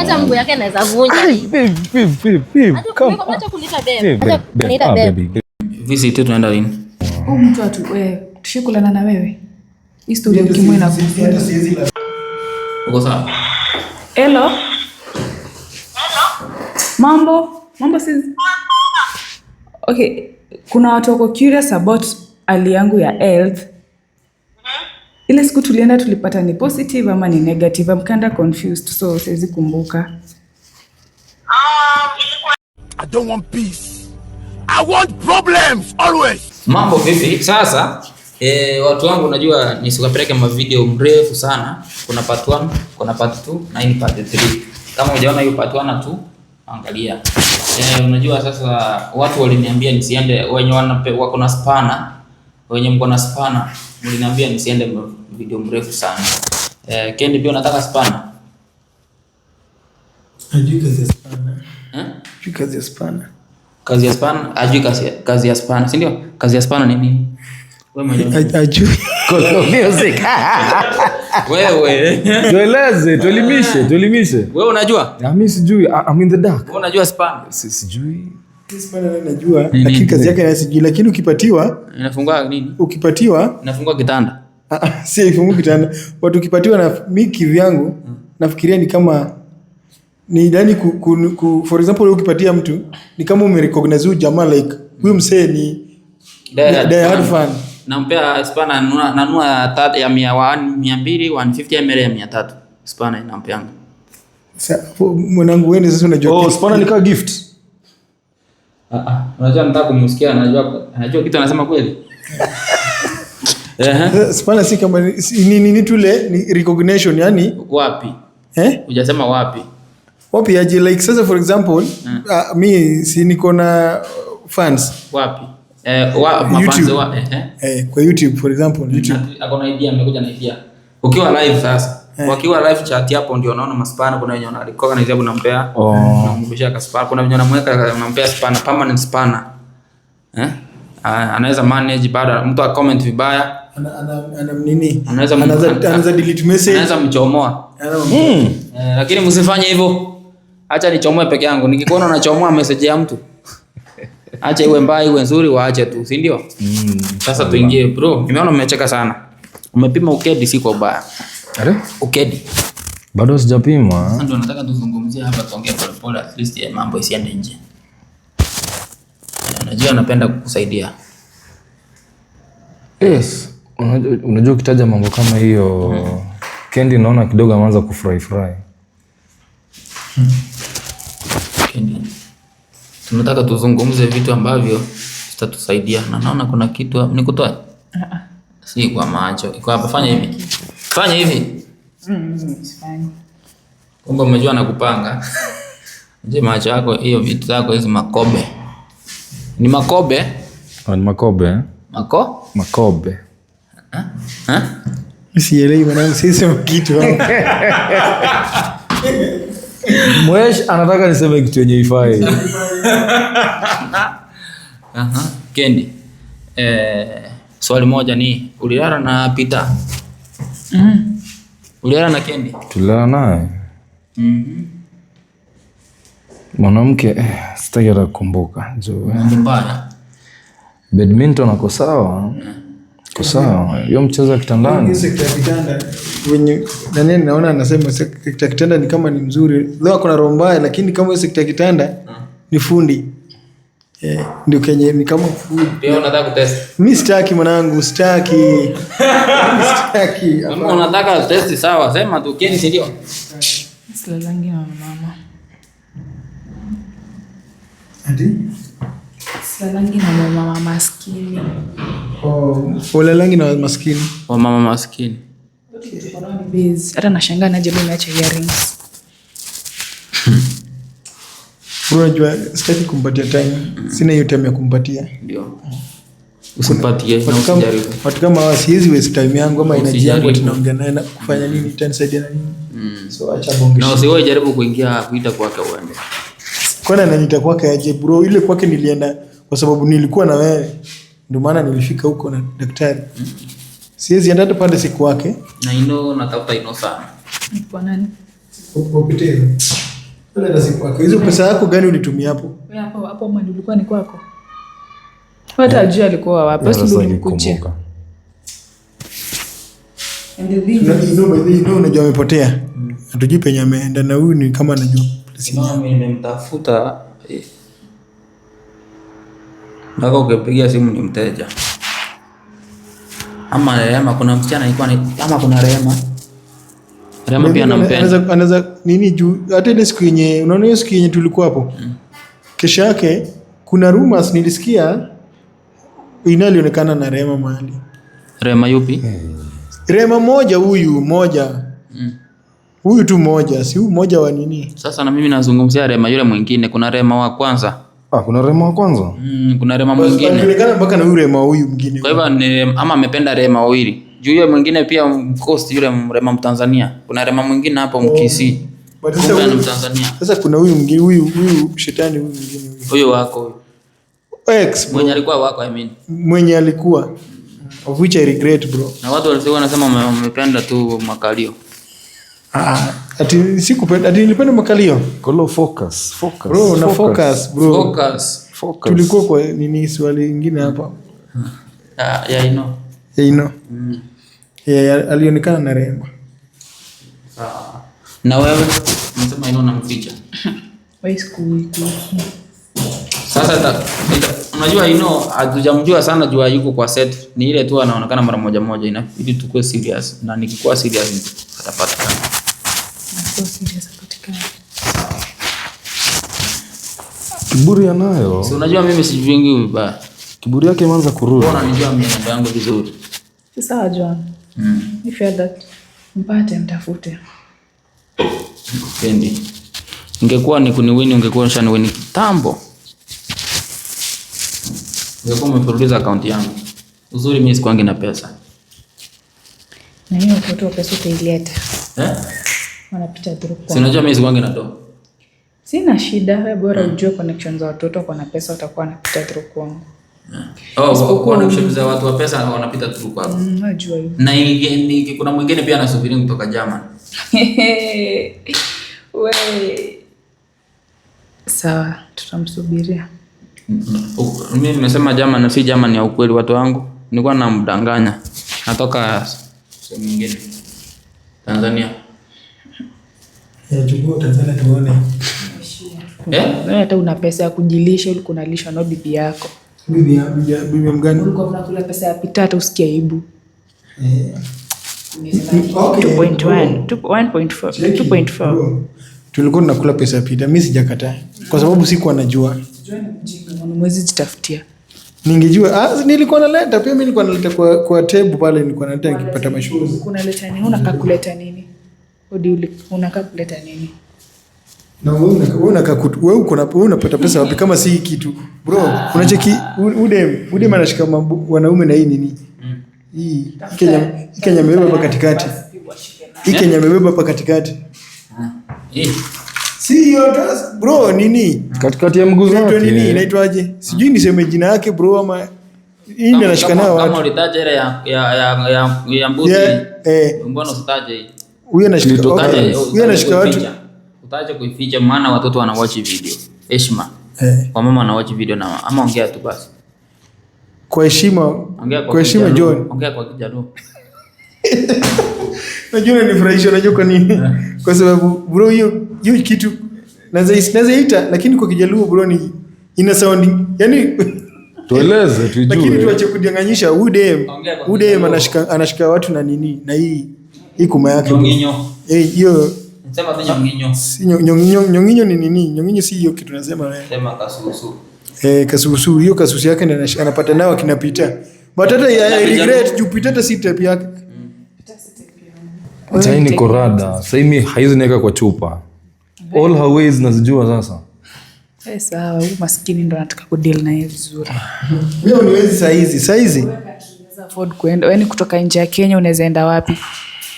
hata mguu yake anaweza vunja. tunaenda lini? mtu atu tushikulana na wewe. Historia ukimwe na Hello. Mambo, mambo Okay, kuna watu wako curious about hali yangu ya health ile siku tulienda tulipata ni positive ama ni negative? I'm kinda confused, so siwezi kumbuka. Um, I don't want peace. I want problems always. Mambo vipi sasa? E, watu wangu unajua nisikapeleke video mrefu sana. Kuna part 1, kuna part 2 na hii part 3. Kama hujaona hiyo part 1 na 2, angalia. E, unajua sasa watu waliniambia nisiende wenye wako na spana wenye mko na spana mliniambia nisiende video mrefu sana. Eh, Kendi pia unataka spana? Ajui kazi ya spana. Eh? Ajui kazi ya spana. Kazi ya spana, ajui kazi, ya, kazi ya spana, si ndio? Kazi ya spana ni nini? Wewe mwenyewe. Ajui. Kolo music. Wewe. Tueleze, tuelimishe, tuelimishe. Wewe unajua? Ah, mimi sijui. Ah, I'm in the dark. Wewe unajua spana? Sijui lakini ukipatiwa inafungua nini? Ukipatiwa inafungua kitanda, ah, ah, si ifungua kitanda watu. Ukipatiwa na miki vyangu nafikiria ni kama ni yani ku, ku, ku, for example ukipatia mtu ni kama umerecognize huyu jamaa like huyu msee ni die hard fan, nampea spana nanua ya mia mbili 150 ya mia tatu spana mwanangu, wewe sasa unajua, oh spana ni kama gift Ah, ah, unajua nataka kumsikia, anajua anajua kitu anasema kweli. Eh, sipana si kama ni nini tule ni recognition yani wapi? Eh? Hujasema wapi? Wapi aje like sasa for example, uh, mi si niko na fans. Wapi? Eh, wa, mafans wa, eh, eh. Eh, kwa YouTube for example, hmm. YouTube. Akona idea amekuja na idea. Ukiwa live sasa Wakiwa live chat hapo ndio unaona maspana, kuna wenye wanarecord na hizo unampea. Unamkumbusha oh. kaspana, kuna wenye wanamweka nampea spana, permanent spana. Eh? Ah, anaweza manage baada mtu akoment vibaya. Ana nini? Anaweza anaweza delete message. Anaweza mchomoa. Hmm. Eh, lakini msifanye hivyo. Acha nichomoe peke yangu. Nikikuona unachomoa message ya mtu acha iwe mbaya iwe nzuri, waache tu, si ndio? Hmm. Sasa tuingie bro. Nimeona umecheka sana, umepima ukedi, si kwa ubaya. Ukedi. Bado sijapimwa. Sasa ndio nataka tuzungumzie hapa, tuongee polepole, at least ya mambo isiende nje. Unajua anapenda kukusaidia. Yes. Unajua, unajua ukitaja mambo kama hiyo mm. Kendi naona kidogo ameanza kufurahi furahi. Hmm. Kendi. Tunataka tuzungumze vitu ambavyo vitatusaidia na naona kuna kitu nikutoe. Uh -uh. Si kwa macho. Iko hapa fanya hivi. Fanya hivi. Kumbe umejua na kupanga. Je, macho yako hiyo vitu zako hizi makobe. Ni makobe? Oh, ni makobe. Eh? Mako? Makobe. Ha? Ah, ah? Ha? Sielewi maana sisemi kitu hapo. Mwesh anataka niseme kitu yenye ifai. Aha, Kendi. Eh, swali moja ni ulilala na Pita Mm. uliona na Kendi? Tuliana naye. Mhm. Mwanamke eh, sitaki hata kukumbuka. Eh. Badminton ako sawa. Ko sawa. Hiyo mchezo wa kitandani. Sekta kitanda wenye nani naona anasema sekta ya kitanda ni kama ni mzuri. Leo kuna roho mbaya lakini kama sekta ya kitanda ni fundi. Eh, ndio kenye ni kama pia unataka mwanangu, sitaki. unataka sawa, sema tu na mama. Andi? na mama maskini. Oh, ulalangi na maskini. Wa mama maskini. Hata nashangaa naje mimi naacha earrings. Unajua sitaki kumpatia time, sina hiyo time ya kumpatia. Usimpatie na usijaribu. Watu kama hawa siwezi waste time yangu ama energy yangu tunaongea naye na kufanya nini, itanisaidia na nini? Hmm. So acha bonge. Na usiwahi jaribu kuingia kuita kwake uende. Kwani ananiita kwake aje bro? Ile kwake nilienda kwa sababu nilikuwa na wewe. Ndio maana nilifika huko na daktari. Siwezi enda hata pande siku wake. Na ino natafuta ino sana. Kwa nani? Uko pitia. Hizo mm-hmm. pesa yako gani ulitumia hapo? Wewe hapo mali ulikuwa ni kwako. Hata ajui alikuwa wapi. Unajua amepotea, mm. hatujui penye ameenda, na huyu ni kama anajua nimemtafuta. Eh. Mpaka ukipigia simu ni mteja ama Rehema, kuna msichana ama kuna Rehema Rema pia anampenda. Anaweza nini juu hata ile siku yenye unaona hiyo siku yenye tulikuwa hapo. Mm. Kesho yake kuna rumors nilisikia ina alionekana na Rema mahali. Rema yupi? Eh. Rema moja huyu moja. Mm. Huyu tu moja, si huu moja wa nini? Sasa na mimi nazungumzia Rema yule mwingine, kuna Rema wa kwanza. Ah, kuna Rema wa kwanza? Mm, kuna Rema mwingine. Mpaka na huyu Rema huyu mwingine. Kwa hivyo ama amependa Rema wawili. Juu mwingine pia mkost yule mrema Mtanzania. Kuna rema mwingine hapo oh, mkisi Kumbe ni Mtanzania. Sasa kuna huyu mwingine huyu huyu shetani huyu mwingine huyu. Huyo wako huyo. Ex mwenye alikuwa wako I mean. Mwenye alikuwa of which I regret bro. Na watu walikuwa wanasema wamependa tu makalio. Ah, ati sikupenda ati nilipenda makalio. Kolo focus, focus. Bro, na focus bro. Focus. Focus. Tulikuwa kwa nini swali lingine hapa? Ah, yeah, I know. Eh, ino mm. Yeah, alionekana na Rema. Sawa. Na wewe unasema Ino namficha? Sasa ta, unajua Ino hatujamjua sana jua yuko kwa set, ni ile tu anaonekana mara moja moja, inabidi tukue serious na nikikuwa serious atapatikana. Kiburi anayo. Si unajua mimi sijui vingi vibaya. Kiburi yake imeanza kurudi. Unanijua mimi ndio yangu vizuri. Sawa John. Mm. If you had that, mpate mtafute. Nikupendi. Ingekuwa ni kuniwini ungekuwa nishaniwini kitambo. Ungekuwa umefuruliza akaunti yangu. Uzuri mimi sikuangi na pesa. Na hiyo mtoto pesa utaileta. Eh? Wanapita drop kwa. Sinajua mimi sikuangi na do. Sina shida, bora mm. ujue connections za watoto kwa na pesa utakuwa anapita drop kwangu. Oh, wanakushawiza watu wa pesa wanapita tu kwa hapo. Mm, najua hiyo. Na kuna mwingine pia anasubiri kutoka Germany. Wewe. Sawa, tutamsubiria. Mm-hmm. Mimi nimesema Germany si Germany ya ukweli watu wangu. Nilikuwa namdanganya. Natoka sehemu nyingine. Tanzania. Yachukua Tanzania tuone. Eh? Hata una pesa ya kujilisha ulikunalisha unalisha no bibi yako bibi mgani? Unakula pesa ya pita hata usikie aibu. Eh. Oh. Oh. Tulikuwa tunakula pesa ya pita, mi sijakataa kwa sababu sikuwa najua, mwezi jitafutia ningejua ah, nilikuwa naleta pia, mi nilikuwa naleta kwa, kwa tebu pale, nilikuwa naleta nikipata mashughuli. Unakaa kuleta nini? Odi, unakaa kuleta nini? wewe unapata pesa wapi kama si kitu bro? Ah. Unacheki udem udem anashika wanaume na hii nini mm. hii Kenya, Kenya eh? amebeba hapa katikati hii ah. eh. Kenya amebeba hapa katikati Siyo, bro nini katikati ya mguu zake nini inaitwaje? Sijui niseme jina yake bro ama hii ndio anashika nao watu. Eh. Huyo anashika watu Utaacha kuificha maana watoto wanawatch video. Heshima. Eh. Kwa mama anawatch video na ama ongea tu basi. Kwa heshima. ongea Kwa heshima John. Ongea kwa Kijaluo. Najua unanifurahisha, najua kwa nini? Eh. Kwa sababu bro, hiyo hiyo kitu naweza naweza ita, lakini kwa Kijaluo bro ni ina sound. yani tueleze tujue. Lakini tuache kudanganyisha udem. Udem anashika anashika watu na nini na hii hii kuma yake. Eh, hiyo Ah, nyong'inyo ni nini? Nyong'inyo si hiyo kitu nasema Sema kasusu. eh, kasusu hiyo kasusu yake anapata nao kinapita. but hata ya regret juu Peter hata si tape yake chai ni korada sasa, mimi haizi niweka kwa chupa all her ways nazijua sasa. Eh, sawa, huyu maskini ndo anataka kudeal na yeye vizuri. Wewe uniwezi saizi saizi, yani kutoka nje ya Kenya unaweza enda wapi?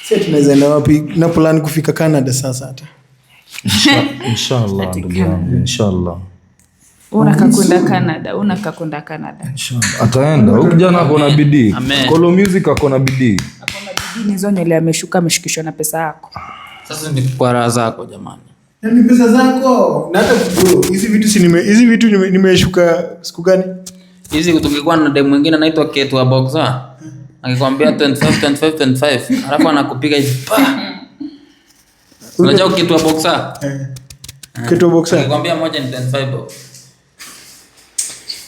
Sasa wapi? Na plan kufika Canada sasa hata. Ataenda. Huyu kijana akona bidii. Kolo Music akona bidii. Akona bidii hizo nywele ameshuka ameshukishwa na pesa yako. Sasa ni kwa raha zako jamani. pesa zako. Na hizi vitu hizi vitu nimeshuka siku gani? Hizi tungekuwa na demu mwingine anaitwa ketwa boxa akikwambia 25 25 alafu anakupiga hivi pa. Unajua eh. kitu boxer? Kitu boxer. Akikwambia moja ni 25 bob.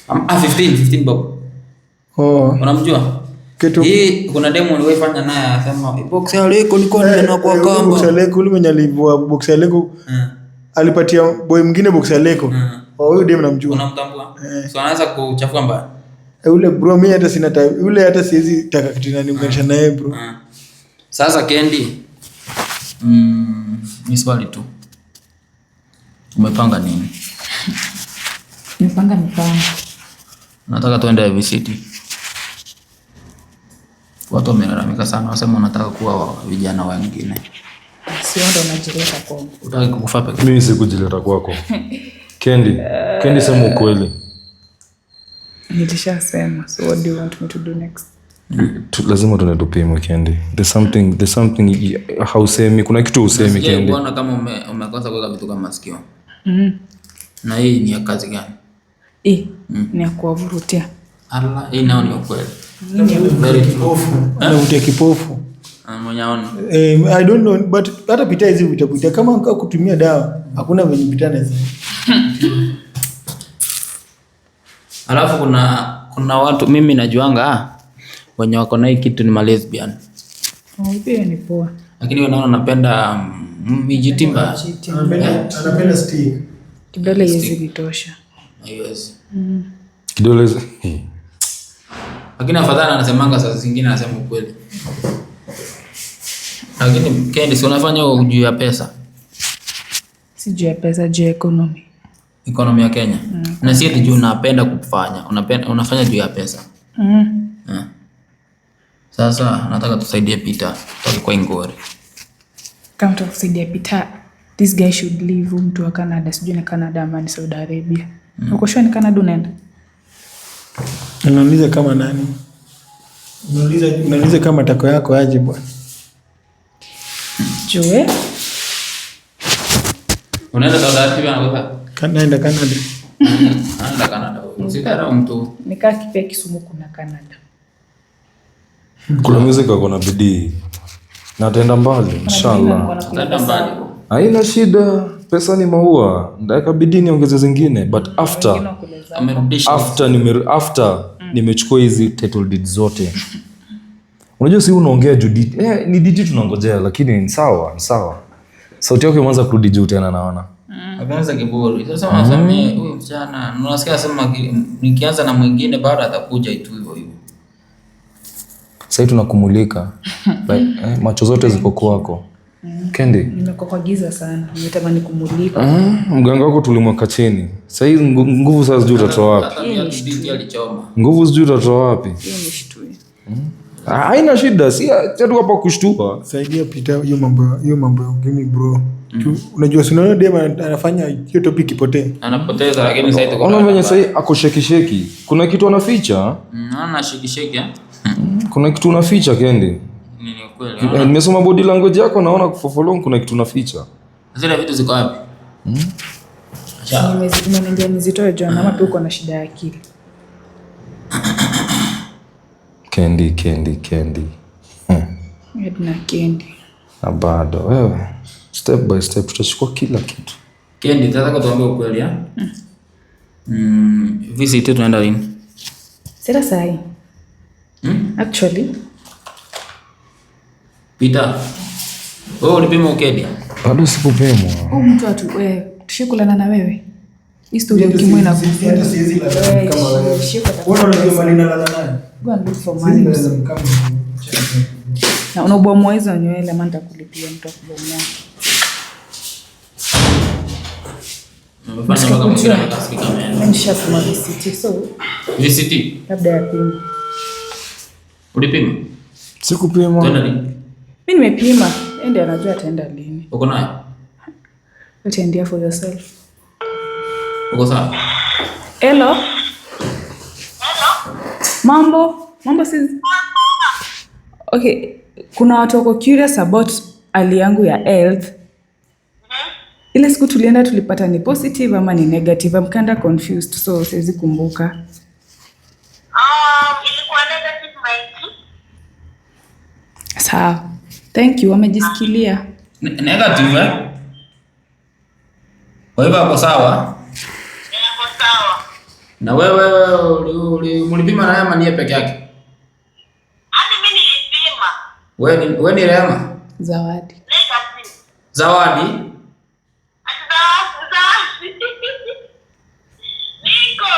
Am 15 15 bob. Oh. Unamjua? Kitu hii kuna demo naye boxer leko eh, kwa eh, kamba. Boxer leko mwenye alivua boxer leko. Alipatia boy mwingine boxer leko. Kwa dem namjua. Unamtambua? So anaanza kuchafua mbaya. Eh, ule bro mi hata sina time ule, hata siwezi taka kitu inaniunganisha ah. naye bro ah. sasa kendi mm, ni swali tu umepanga nini mepanga mipango nataka tuende Ivy City watu wamelalamika sana wasema unataka kuwa vijana wengine Sio, ndo kukufa peke mimi sikujileta kwako kendi kendi sema ukweli Nilishasema, so what do you want me to do next? Lazima tuende tupime Kendi. There's something, there's something hausemi, kuna kitu usemi Kendi. Unaona kama umekosa kuweka vitu kama mm-hmm. Na hii ni ya kazi gani? Mm. ni ya hii nao ni ukweli. Mm. kipofu. Eh? Ah, eh, hata pita hizi vitakuita kama kutumia dawa hakuna venye pitanaz Alafu kuna kuna watu mimi najuanga wenye wako na hii kitu ni malesbian. Oh, ni poa. Lakini wao naona napenda mijitimba. Mm, eh? Anapenda stick. Kidole hizi vitosha. Haiwezi. Mm. Kidole hizi. Lakini afadhali anasemanga saa zingine anasema ukweli. Lakini Kendi, si unafanya juu ya pesa? Si juu ya pesa, juu ya economy economy ya Kenya mm. na si juu unapenda kufanya unapenda, unafanya juu ya pesa mm. yeah. Sasa nataka tusaidie Peter, alikuwa ingori kama tutakusaidia Peter, this guy should leave. Mtu wa Canada sijui ni Canada ama ni Saudi Arabia mm. uko sure ni Canada unaenda? Unaniuliza kama nani? Unaniuliza unaniuliza kama tako yako aje bwana Joe. Unaenda Saudi Arabia Kanaenda Kanada. Anaenda Kanada. Msikara mtu. Nikaa kipe Kisumu kuna Kanada. Kuna music wako na bidii. Na ataenda mbali inshallah. Ataenda mbali. Haina shida, pesa ni maua. Ndaweka bidii niongeze zingine but after after nime after mm. nimechukua hizi title deed zote. Unajua si unaongea juu eh, ni DJ tunangojea lakini ni sawa, ni sawa. Sauti yako imeanza kurudi juu tena naona. Mm. Ameanza kiburi. Sasa unasamia huyu msichana, unasikia anasema nikianza na mwingine bado atakuja itu hivyo hivyo. Sasa tunakumulika. Eh, macho zote ziko kwako. Mm. Kendi. Nimekuwa kwa giza sana. Nimetamani kumulika. Ah, mganga wako tulimweka chini. Sasa hizi nguvu sasa sijui utatoa wapi. Nguvu sijui utatoa wapi. Haina shida, si tu hapa kushtua. Saidia pita hiyo mambo hiyo mambo ya ukimwi bro. Mm-hmm. Unajua sinaona dem anafanya hiyo topic ipotee. Anapoteza lakini sasa itakuwa. sasa akoshekisheki. Kuna kitu anaficha. Mm, shekisheki eh? mm, Kuna kitu unaficha Kende. Ni kweli. Eh, nimesoma body language yako naona kufollow kuna kitu unaficha. Zile vitu ziko wapi? Mm. uko na shida ya akili. Kendi, Kendi, Kendi. Edna Kendi. Na bado wewe step by step tutachukua kila kitu. Kendi, nataka tuambie ukweli ah. Mm, visit tunaenda lini? Sasa sahi. Hmm? Actually. Peter. Wewe ulipima ukedi? Bado sikupimwa. Oh, mtu atu wewe tushikulana na wewe. Historia story ukimwe na kufuata. Siwezi la kama wewe. Wewe unajua maneno la nani? Go and for money. Na unabomoa hizo nywele maana nitakulipia mtu akubomoa. Ulipima? Sikupima. Tena lini? Mimi nimepima. Ende anajua ataenda lini. Uko naye? Utaendea for yourself. Uko sawa? Hello. Hello. Mambo? Mambo si Okay, kuna watu wako curious about hali yangu ya health. Ile siku tulienda tulipata ni positive ama ni negative? I'm kinda confused, so siwezi kumbuka. Um, sawa. Thank you, Wamejisikilia Negative eh? Kwa hivyo hapo sawa? Na wewe ulipima na Rehema niye peke yake? Hadi mimi nilipima. Wewe ni wewe ni Rehema? Zawadi. Zawadi?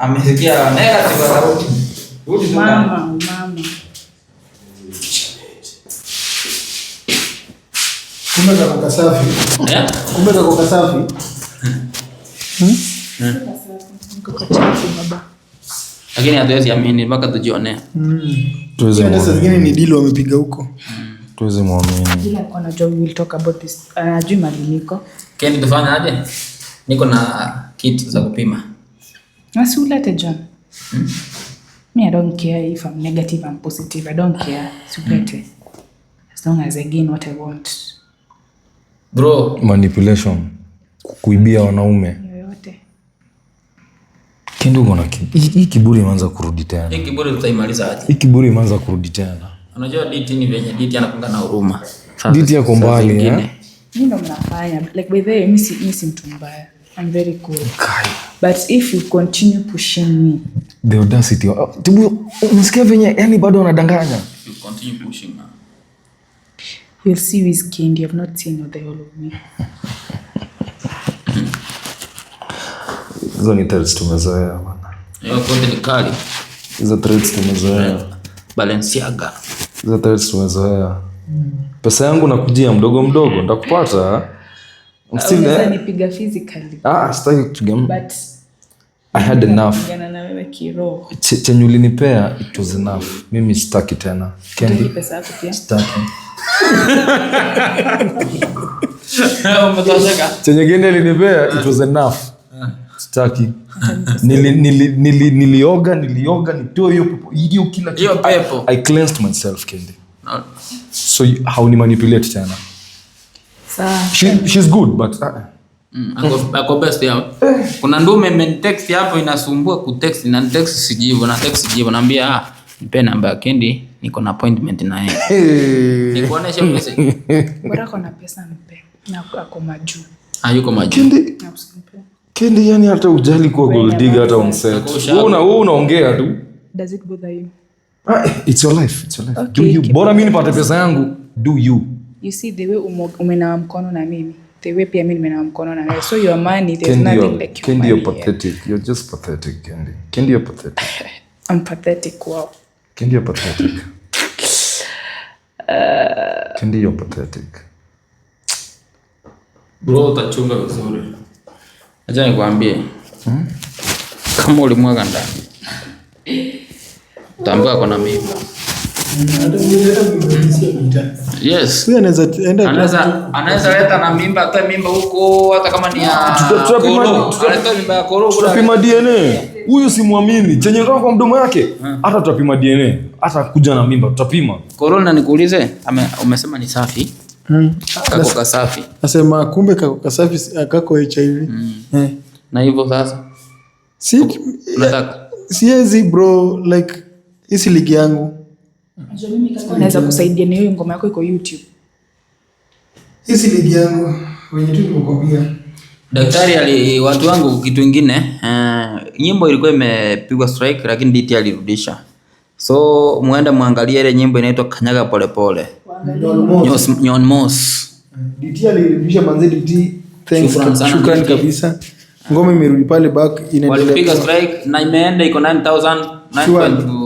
amesikia nenda katika sauti. Rudi tu mama, mama. Kumbe za kuka safi. Eh? Kumbe za kuka safi. Hmm? Lakini hatuwezi amini mpaka tujione. Mm. Tuweze muamini. Sasa zingine ni deal wamepiga huko. Mm. Tuweze mwamini. Bila kwa na job we'll talk about this. Anajui mali niko. Keni tufanye aje? Niko na kitu za kupima. Asulete John. Me, I don't care if I'm negative, I'm positive. I don't care. As long as I gain what I want. Bro, manipulation. Kuibia wanaume. Yoyote. kuna hii kiburi imeanza kurudi tena. Hii kiburi tutaimaliza aje? Hii kiburi imeanza kurudi tena. Unajua ni venye anakunga na huruma. yako mbali, Mimi eh? ndo mnafanya. Like by the way, mimi si mtu mbaya. I'm very good. Okay. But if you continue pushing me. The audacity. Oh, Tibu, unasikia venye yani bado anadanganya. You continue pushing me. You'll see with Wizkid. You have not seen the whole of me. Hizo ni threats tumezoea bwana. Hiyo konde ni kali. Hizo threats tumezoea. Balenciaga. Hizo threats tumezoea. Pesa yangu nakujia mdogo mdogo, ndakupata. Ah, ah, chenye ulinipea Mimi staki tena chenye gende linipea Nilioga, nilioga, nitoe hiyo kila kitu. So, hauni manipulate tena. Uh, kuna ndume mmenitext hapo, inasumbua kuteksi na teksi sijibu na teksi sijibu, naambia ah, namba ya Kendi, niko na appointment na yeye, nikuoneshe Bora pesa mpe na ako majuu, hayuko ah, Kendi. Kendi yani hata ujali kwa gold digger hata on set, wewe unaongea tu. Does it bother you? Ah, it's your life, it's your life. Do you. Bora mimi nipate pesa yangu, do you you see the way umenawa mkono na mimi the way pia mimi nimenawa mkono na wewe so your money there's Candy, nothing like your Candy, money you're pathetic here. you're just pathetic Kendi Kendi you're pathetic I'm pathetic wow Kendi you're pathetic uh, Candy you're pathetic bro utachunga vizuri acha nikwambie hmm? kama ulimwaga ndani utaambiwa kuna mimi Yes. Anaweza anaweza leta na mimba atoe mimba huko hata kama ni ya tutapima Tutapima DNA. Huyu si muamini. chenye roho kwa mdomo yake hmm. hata tutapima DNA. Hata kuja na mimba tutapima. Corona nikuulize, umesema ni safi. Hmm. Kako kasafi. Nasema kumbe kako kasafi ah, kako HIV. Mm. Eh. Na hivyo sasa. Si, siezi bro like isi ligi yangu Mm-hmm. Naweza kusaidia ni hiyo ngoma yako iko YouTube. Sisi ligi yangu wenye tu kukopia. Daktari ali watu wangu kitu kingine uh, eh, nyimbo ilikuwa imepigwa strike lakini DT alirudisha. So muende muangalie ile nyimbo inaitwa Kanyaga pole pole. Nyon Mos. DT alirudisha manzi DT. Thanks shukrani kabisa. Ngoma imerudi pale back inaendelea. Walipiga strike na imeenda iko 9000 9.2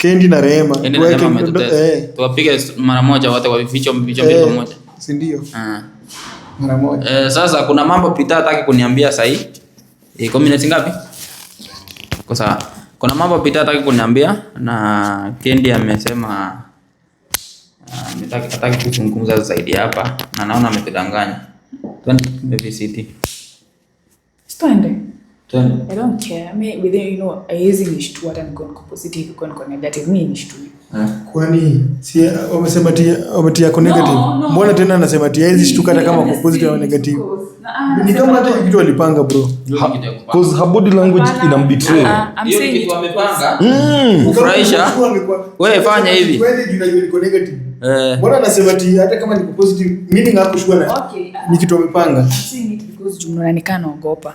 Kendi na Rehema. Kendi na Rehema eh. Tuwapige mara moja wote kwa vificho vificho mbili eh, pamoja. Si ndio? Ah. Mara moja. Eh, sasa kuna mambo Peter hataki kuniambia sasa hii. Eh, kwa minutes ngapi? Kwa sasa Kuna mambo Peter hataki kuniambia na Kendi amesema ah, nataka uh, nataka kuzungumza zaidi hapa na naona amekudanganya. Twende VCT. Twende. Tena. I don't care. Me with you know, haiwezi nishtua hata niko niko positive niko niko negative mimi nishtui. Eh? Kwani si wamesema ti wameti kwa negative. Mbona tena anasema ti haiwezi shtuka hata kama kwa positive au negative. Ah, ni kama tu kitu walipanga bro. Cause her body language ina mbitray. Ah, ah, Hiyo kitu wamepanga. Mm. Kufurahisha. Wewe fanya hivi. Kweli unajua niko negative. Eh. Mbona anasema ti hata kama niko positive meaning hapo shua na. Okay. Ni kitu wamepanga. Mnaonekana ogopa.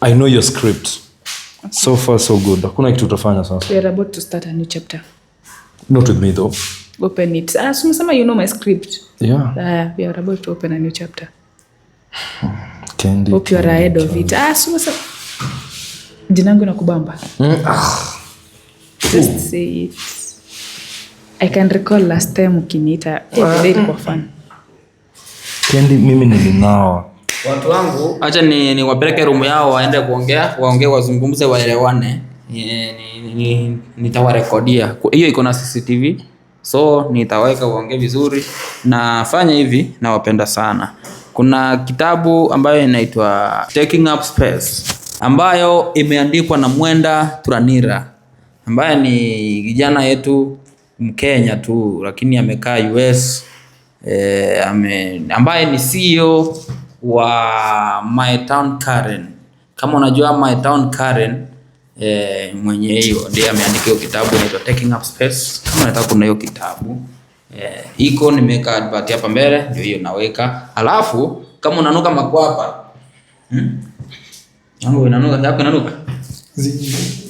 I know your script. Okay. So far so good. Hakuna kitu utafanya sasa. We are about to start a new chapter. Not with me though. Open it. Ah, so you know my script. Yeah. Ah, we are about to open a new chapter. Candy. Hope you are ahead of it. Ah, so Ah. Hmm. Just say it. I can recall last time very fun. Candy, nilinawa watu wangu, acha ni niwapeleke rumu yao waende kuongea, waongee, wazungumze, waelewane. Nitawarekodia hiyo, iko na CCTV so nitaweka waongee vizuri. Nafanya hivi, nawapenda sana. Kuna kitabu ambayo inaitwa Taking Up Space ambayo imeandikwa na Mwenda Turanira ambaye ni kijana yetu Mkenya tu lakini amekaa US eh, ame, ambaye ni CEO wa My Town Karen. Kama unajua My Town Karen eh, mwenye hiyo ndiye ameandika hiyo kitabu inaitwa Taking Up Space. Kama unataka kuna hiyo kitabu eh, iko nimeweka advert hapa mbele, ndio hiyo naweka. Alafu kama unanuka makwapa hmm? Yangu inanuka, yako inanuka.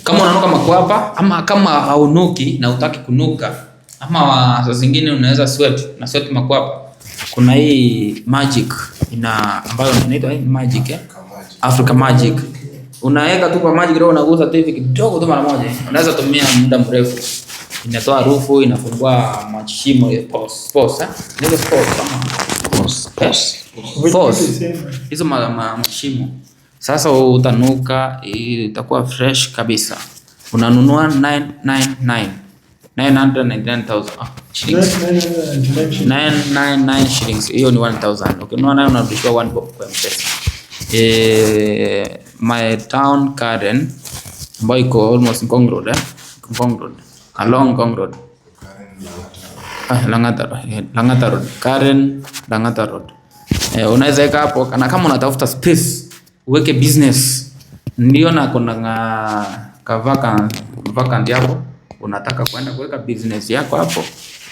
Kama unanuka makwapa ama kama haunuki na utaki kunuka ama saa zingine unaweza sweat na sweat makwapa, kuna hii magic ina ambayo inaitwa magic eh? Africa Magic. Unaweka tu kwa maji kidogo, unagusa tu hivi kidogo tu mara moja. Unaweza tumia muda mrefu, inatoa harufu, inafungua mashimo ya pores. Pores eh, ndio pores kama pores pores pores hizo mashimo. Sasa utanuka, itakuwa fresh kabisa. Unanunua 999 999 ah, shillings hiyo ni 1000. Ukinunua nayo unarudishiwa 1 bob kwa Mpesa. Eh, my town Karen ambayo iko almost Ngong Road, eh? Ngong Road. Along Ngong Road. Ah, Langata, eh, Langata Road. Karen Langata Road. Eh, unaweza weka hapo kana kama unatafuta space uweke business. Ndio na kuna vacant hapo unataka kwenda kuweka business yako hapo,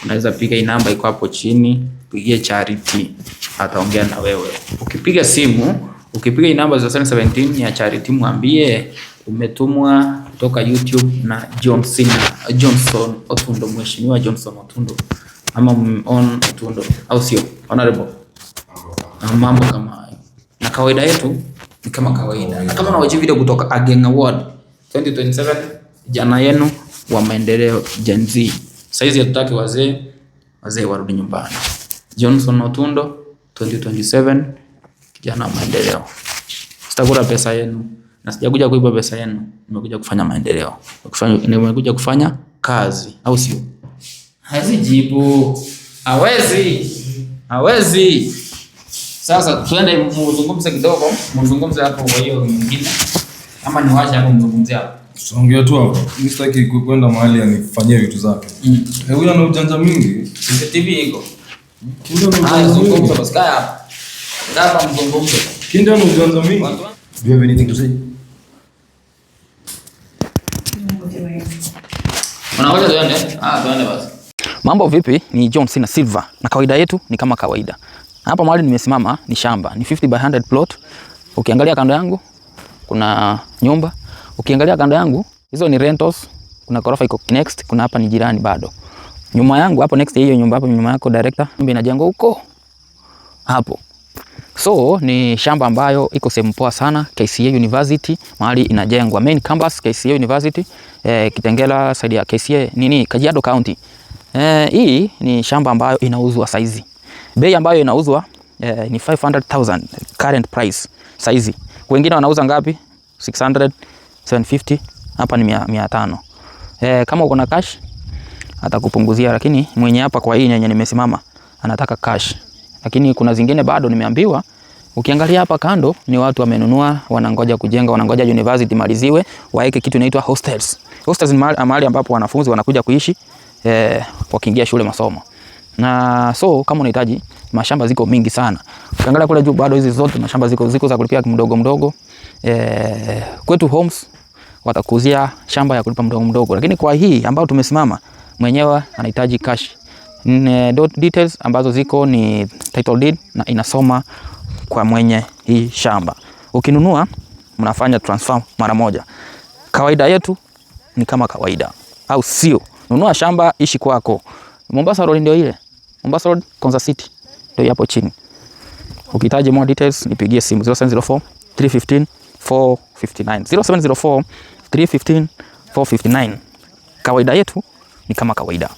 unaweza piga hii namba iko hapo chini, pigie Charity ataongea na wewe. Ukipiga simu, ukipiga hii namba 0717 ya Charity, mwambie umetumwa kutoka YouTube na Johnson Johnson Otundo, mheshimiwa Johnson Otundo ama on Otundo, au sio honorable? Na Mambo kama hayo, na kawaida yetu ni kama kawaida, na kama unawajia video kutoka Ageng Award 2027 jana yenu wa maendeleo Gen Z. Saizi hatutaki wazee wazee warudi nyumbani. Johnson Otundo 2027 kijana wa maendeleo. Sitakula pesa yenu na sijakuja kuiba pesa yenu, nimekuja kufanya maendeleo, nimekuja kufanya kazi, au sio? Hawezi jibu, hawezi, hawezi. Sasa tuende mzungumze kidogo, mzungumze hapo, kwa hiyo mwingine ama niwache hapo, mzungumze hapo. Ongea tu hapo. Mimi sitaki kwenda mahali anifanyie vitu zake. Mm. Eh, huyu ana ujanja mwingi. TV iko. Kindo ah, ana ujanja mwingi. Do you have anything to say? Ah, basi. Mambo vipi? Ni John Cena Silver na kawaida yetu ni kama kawaida. Hapa mahali nimesimama ni shamba, ni 50 by 100 plot. Ukiangalia kando yangu kuna nyumba Ukiangalia kando yangu hizo ni rentals, kuna ghorofa iko next, kuna hapa ni jirani bado. Nyuma yangu hapo next hiyo nyumba hapo nyuma yako director, nyumba inajengwa huko hapo. So ni shamba ambayo iko sehemu poa sana, KCA University mahali inajengwa main campus KCA University eh, Kitengela side ya KCA nini Kajiado County. Eh, hii ni shamba ambayo inauzwa saizi. Bei ambayo inauzwa eh, ni 500,000 current price saizi. Wengine wanauza ngapi? 600 750 hapa ni 500. Eh, kama uko na cash atakupunguzia, lakini mwenye hapa kwa hii nyenye nimesimama anataka cash, lakini kuna zingine bado nimeambiwa Ukiangalia hapa kando ni watu wamenunua, wanangoja kujenga, wanangoja university maliziwe, waeke kitu inaitwa hostels. Hostels ni mahali ambapo wanafunzi wanakuja kuishi eh, wakiingia shule masomo. Na so kama unahitaji mashamba ziko mingi sana. Ukiangalia kule juu bado hizi zote mashamba ziko ziko za kulipia mdogo mdogo. Eh, kwetu homes watakuzia shamba ya kulipa mdogo mdogo, lakini kwa hii ambayo tumesimama mwenyewe anahitaji cash details ambazo ziko ni title deed na inasoma kwa mwenye hii shamba. Ukinunua mnafanya transfer mara moja. Kawaida yetu ni kama kawaida, au sio? Nunua shamba ishi kwako. Mombasa Road ndio ile, Mombasa Road Konza City ndio hapo chini. Ukihitaji more details nipigie simu 0704 315 459 0704 315 459. Kawaida yetu ni kama kawaida.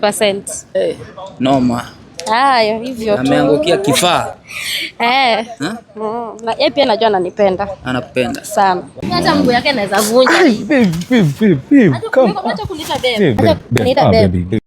100%. Hey, eh, noma. Hayo hivyo tu. Ameangukia kifaa. Eh. Mm. Na yeye pia anajua ananipenda. Anapenda sana. Hata mguu yake anaweza vunja. Baby, baby, ah, baby. Come. Acha kuniita baby. Acha kuniita baby.